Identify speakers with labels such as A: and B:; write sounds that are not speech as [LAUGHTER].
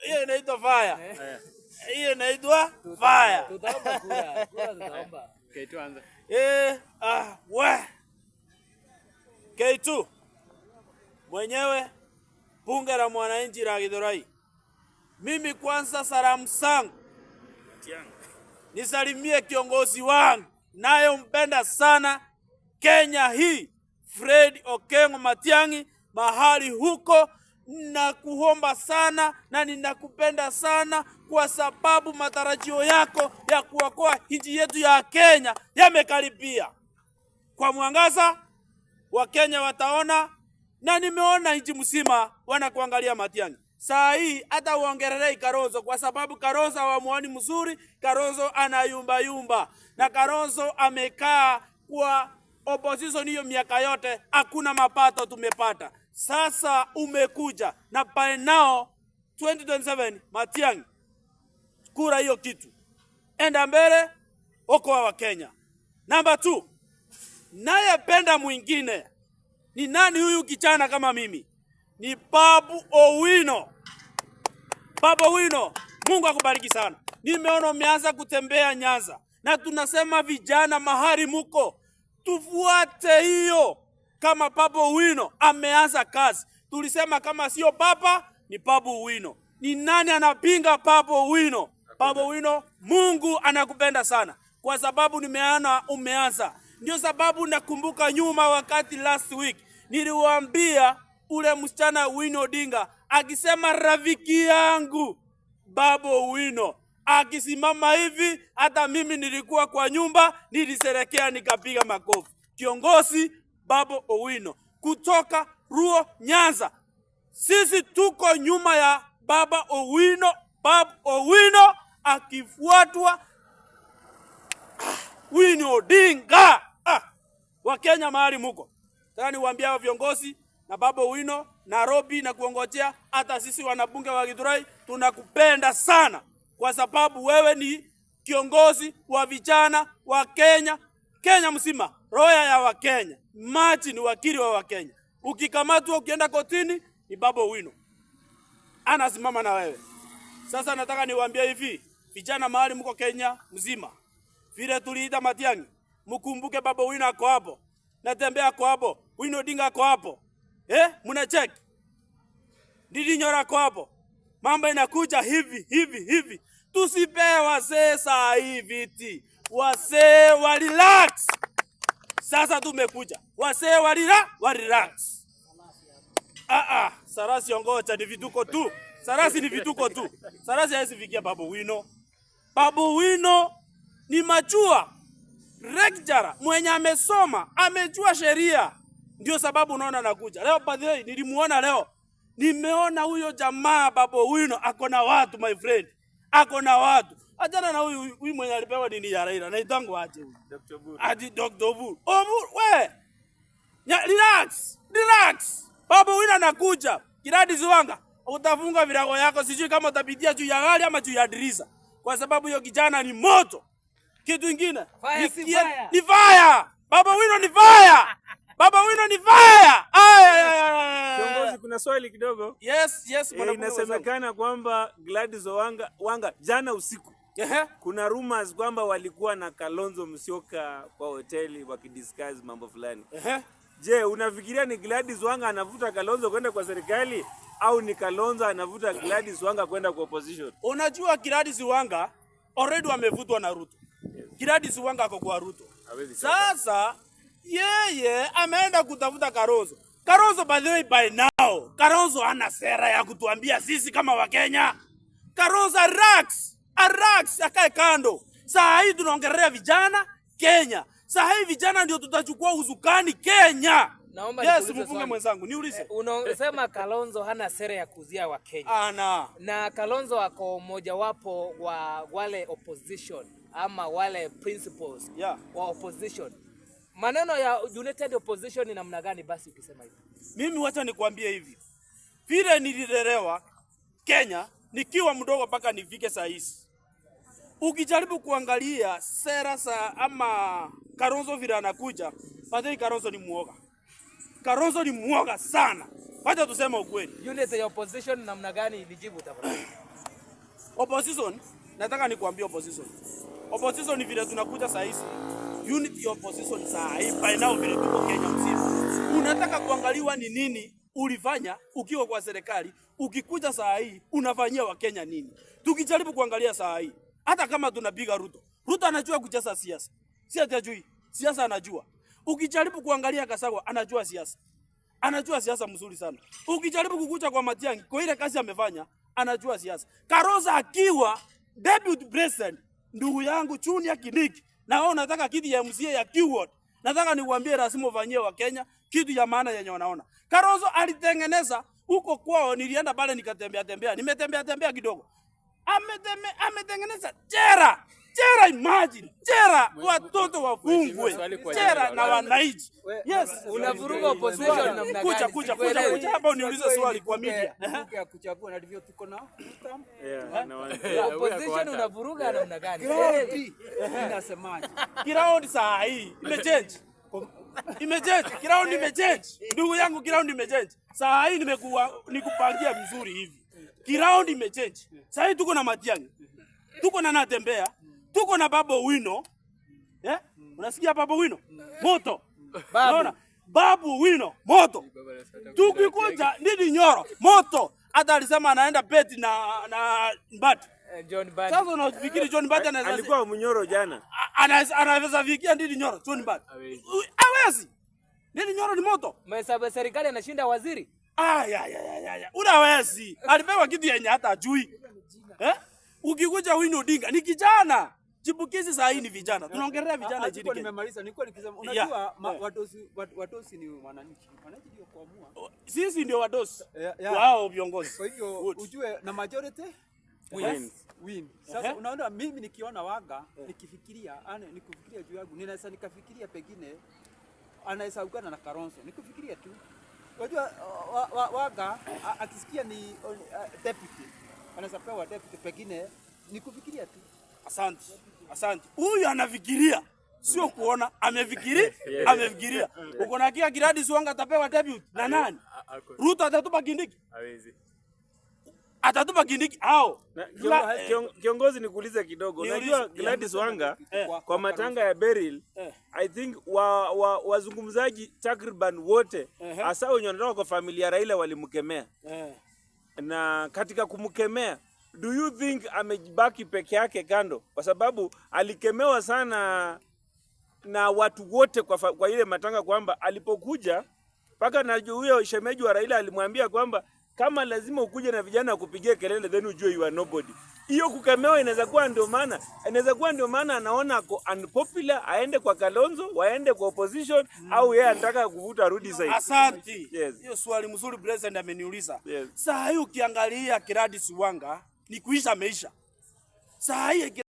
A: hiyo inaitwa faya eh. hiyo inaitwa faya
B: Tutaomba kura, kura tutaomba.
A: Eh, ah, we. K2 mwenyewe bunge la mwananchi la Githurai. Mimi kwanza salamu zangu nisalimie kiongozi wangu nayo mpenda sana Kenya hii Fred Okengo Matiang'i mahali huko Ninakuomba sana na ninakupenda sana kwa sababu matarajio yako ya kuokoa nchi yetu ya Kenya yamekaribia. Kwa mwangaza Wakenya wataona, na nimeona nchi mzima wanakuangalia Matiang'i. Saa hii hata uongelelei karozo kwa sababu Kalonzo hawamuoni mzuri. karozo anayumba yumba, na karozo amekaa kwa opposition hiyo miaka yote, hakuna mapato tumepata sasa umekuja na by now 2027 Matiang'i, kura hiyo kitu, enda mbele, okoa wa Kenya. Namba 2 naye penda mwingine ni nani? Huyu kichana kama mimi ni Babu Owino. Babu Owino, Mungu akubariki sana. Nimeona umeanza kutembea Nyanza, na tunasema vijana, mahali muko tufuate hiyo kama Babu Wino ameanza kazi. Tulisema kama sio Baba ni Babu Wino. Ni nani anapinga Babu Wino? Babu Wino, Mungu anakupenda sana kwa sababu nimeana umeanza. Ndio sababu nakumbuka nyuma, wakati last week niliwaambia ule msichana Wino Dinga akisema rafiki yangu Babu Wino akisimama hivi, hata mimi nilikuwa kwa nyumba niliserekea, nikapiga makofi. Kiongozi Babo Owino kutoka Ruo Nyanza. Sisi tuko nyuma ya Baba Owino, Babo Owino akifuatwa Wini Odinga. Ah, Wakenya mahali muko, nataka niwaambie hao viongozi na Baba Owino Nairobi na kuongojea hata sisi wanabunge wa Githurai tunakupenda sana kwa sababu wewe ni kiongozi wa vijana wa Kenya Kenya mzima roya ya Wakenya. Machi ni wakili wa Wakenya. Ukikamatwa ukienda kotini ni Babo Wino anasimama na wewe. Sasa nataka niwaambie hivi vijana, mahali mko Kenya mzima, vile tuliita Matiang'i, mkumbuke Babo Wino ako hapo, natembea ako hapo, Wino Dinga ako hapo eh, mna check Ndidi Nyoro ako hapo. Mambo inakuja hivi hivi hivi, tusipee wasee saa hii viti, wasee wa relax sasa tumekuja wasee walira walirelax. Ah ah, sarasi ongocha ni vituko tu. Sarasi ni vituko tu. Sarasi haizi vikia babu wino. Babu wino ni majua rekjara mwenye amesoma amejua sheria, ndio sababu unaona nakuja leo. Padre nilimuona leo, nimeona huyo jamaa babu wino ako na watu, my friend, ako na watu Achana na huyu huyu mwenye alipewa dini ya Raila. Naitangu aje huyu. Dr. Buru. Ati Dr. Buru. Obu oh, we. Nya, relax. Relax. Baba wina nakuja. Kiradi Ziwanga. Utafunga virago yako sijui kama utapitia juu ya gari ama juu ya dirisha. Kwa sababu hiyo kijana ni moto. Kitu kingine ni fire. Ni fire. Baba wino ni fire. Baba wino ni fire. Ay, ay, ay,
C: Kiongozi, kuna swali kidogo.
A: Yes, yes,
C: e, inasemekana kwamba Gladys Wanga, Wanga jana usiku kuna rumors kwamba walikuwa na Kalonzo Musyoka kwa hoteli wakidiscuss mambo fulani. Je, unafikiria ni Gladys Wanga anavuta Kalonzo kwenda kwa serikali au ni Kalonzo anavuta Gladys Wanga kwenda kwa opposition?
A: Unajua Gladys Wanga already wamevutwa na Ruto. Gladys Wanga ako kwa Ruto. Sasa yeye ameenda kutafuta Kalonzo. Kalonzo by the way by now. Kalonzo ana sera ya kutuambia sisi kama Wakenya. Kalonzo racks Arax akae kando. Saa hii tunaongelea vijana Kenya. Saa hii vijana ndio tutachukua uzukani Kenya. Naomba yes, mfunge mwenzangu niulize. Eh,
B: unasema Kalonzo hana sera ya kuzia wa Kenya. Ana. Na Kalonzo wako ako wapo wa wale opposition ama wale principles yeah, wa opposition. Maneno ya united opposition ni namna gani basi ukisema hivi?
A: Mimi wacha nikwambie hivi. Vile nililelewa Kenya nikiwa mdogo mpaka nifike saa hizi. Ukijaribu kuangalia sera za ama Kalonzo vile anakuja, Patrick Kalonzo ni muoga. Kalonzo ni muoga sana. Wacha tuseme ukweli.
B: Yule the opposition namna gani ilijibu tafadhali? [CLEARS THROAT]
A: Opposition, nataka nikuambie opposition. Opposition ni vile tunakuja saa hizi. Unity opposition saa hii by now vile tuko Kenya mzima. Unataka kuangaliwa ni nini ulifanya ukiwa kwa serikali, ukikuja saa hii unafanyia wa Kenya nini? Tukijaribu kuangalia saa hii hata kama tunapiga Ruto. Ruto anajua kucheza siasa. Si atajui. Siasa anajua. Ukijaribu kuangalia Kasagwa anajua siasa. Anajua siasa mzuri sana. Ukijaribu kukucha kwa Matiang'i kwa ile kazi amefanya anajua siasa. Karoza akiwa deputy president ndugu yangu Junior Kiniki, na wewe unataka kitu ya MCA ya keyword. Nataka niwaambie rasimu vanyie wa Kenya kitu ya maana yenye wanaona. Karozo alitengeneza huko kwao, nilienda pale nikatembea tembea, nimetembea tembea kidogo ametengeneza jera jera, imagine jera, watoto wafungwe jera na wananchi. Yes,
B: unavuruga opposition namna gani? Kuja
A: kuja kuja kuja hapa uniulize swali kwa media
B: ya kuchagua na ndivyo tuko eh? na opposition. Unavuruga namna gani?
A: Eh, saa hii imechange imechange imechange, ndugu yangu, kiraundi imechange saa hii, nimekuwa nikupangia vizuri hivi Kiraundi imechange. Sasa hivi tuko na Matiang'i. Tuko na Natembea. Tuko na Babo Wino. Eh? Unasikia Babo Wino? Moto. Babu. Unaona? Babu Wino, moto. Tukikuja Ndidi Nyoro, moto. Hata alisema anaenda beti na na Mbati. Eh, John Bad. Sasa unafikiri John Bad eh,
C: anaweza alikuwa mnyoro jana.
A: Anaweza fikia Ndidi Nyoro, John Bad. Hawezi. Ndidi Nyoro ni moto.
B: Mhesabu serikali anashinda waziri.
A: Aya, ah, ya, ya, ya, ya, ya. Unawezi. Alipewa kitu yenye hata ajui. Eh? Ukikuja Winnie Odinga ni kijana. Chipukizi saa hii ni vijana. Tunaongelea vijana
B: jini. Nimemaliza. Nilikuwa nikisema unajua yeah. ma, wadosi wadosi ni wananchi. Wananchi ndio kuamua.
A: Sisi ndio wadosi. Wao viongozi.
B: Kwa hivyo ujue na majority win. Win. Sasa uh eh? -huh. unaona mimi nikiona waga yeah. nikifikiria, ane nikufikiria juu yangu. Ninaweza nikafikiria pengine anaweza ugana na Karonso. Nikufikiria tu. Unajua waga akisikia ni uh, deputy anaweza pewa deputy, pengine ni kufikiria tu.
A: Asante, asante. Huyu anafikiria sio kuona, amefikiri [LAUGHS] amefikiria. Uko na kia Kiradi Suanga atapewa deputy na nani? Ruto atatupa Kindiki? Hawezi atatupa kindiki au
C: eh. kiongozi. Nikuulize kidogo, najua Gladys Wanga eh, kwa matanga ya Beryl eh, I think wa wazungumzaji takriban wote hasa eh, wenye wanatoka kwa familia Raila walimkemea eh, na katika kumkemea do you think amejibaki peke yake kando, kwa sababu alikemewa sana na watu wote kwa, kwa ile matanga kwamba alipokuja mpaka na huyo shemeji wa Raila alimwambia kwamba kama lazima ukuje na vijana kupigia kelele, then ujue you are nobody. Hiyo kukemewa inaweza kuwa ndio maana, inaweza kuwa ndio maana anaona ako unpopular, aende kwa Kalonzo, waende kwa opposition mm. au yeye anataka kuvuta rudi zaidi.
A: Asante. Hiyo Swali mzuri president ameniuliza. Yes. Saa hii ukiangalia Kiradi Siwanga ni kuisha meisha. Saa hii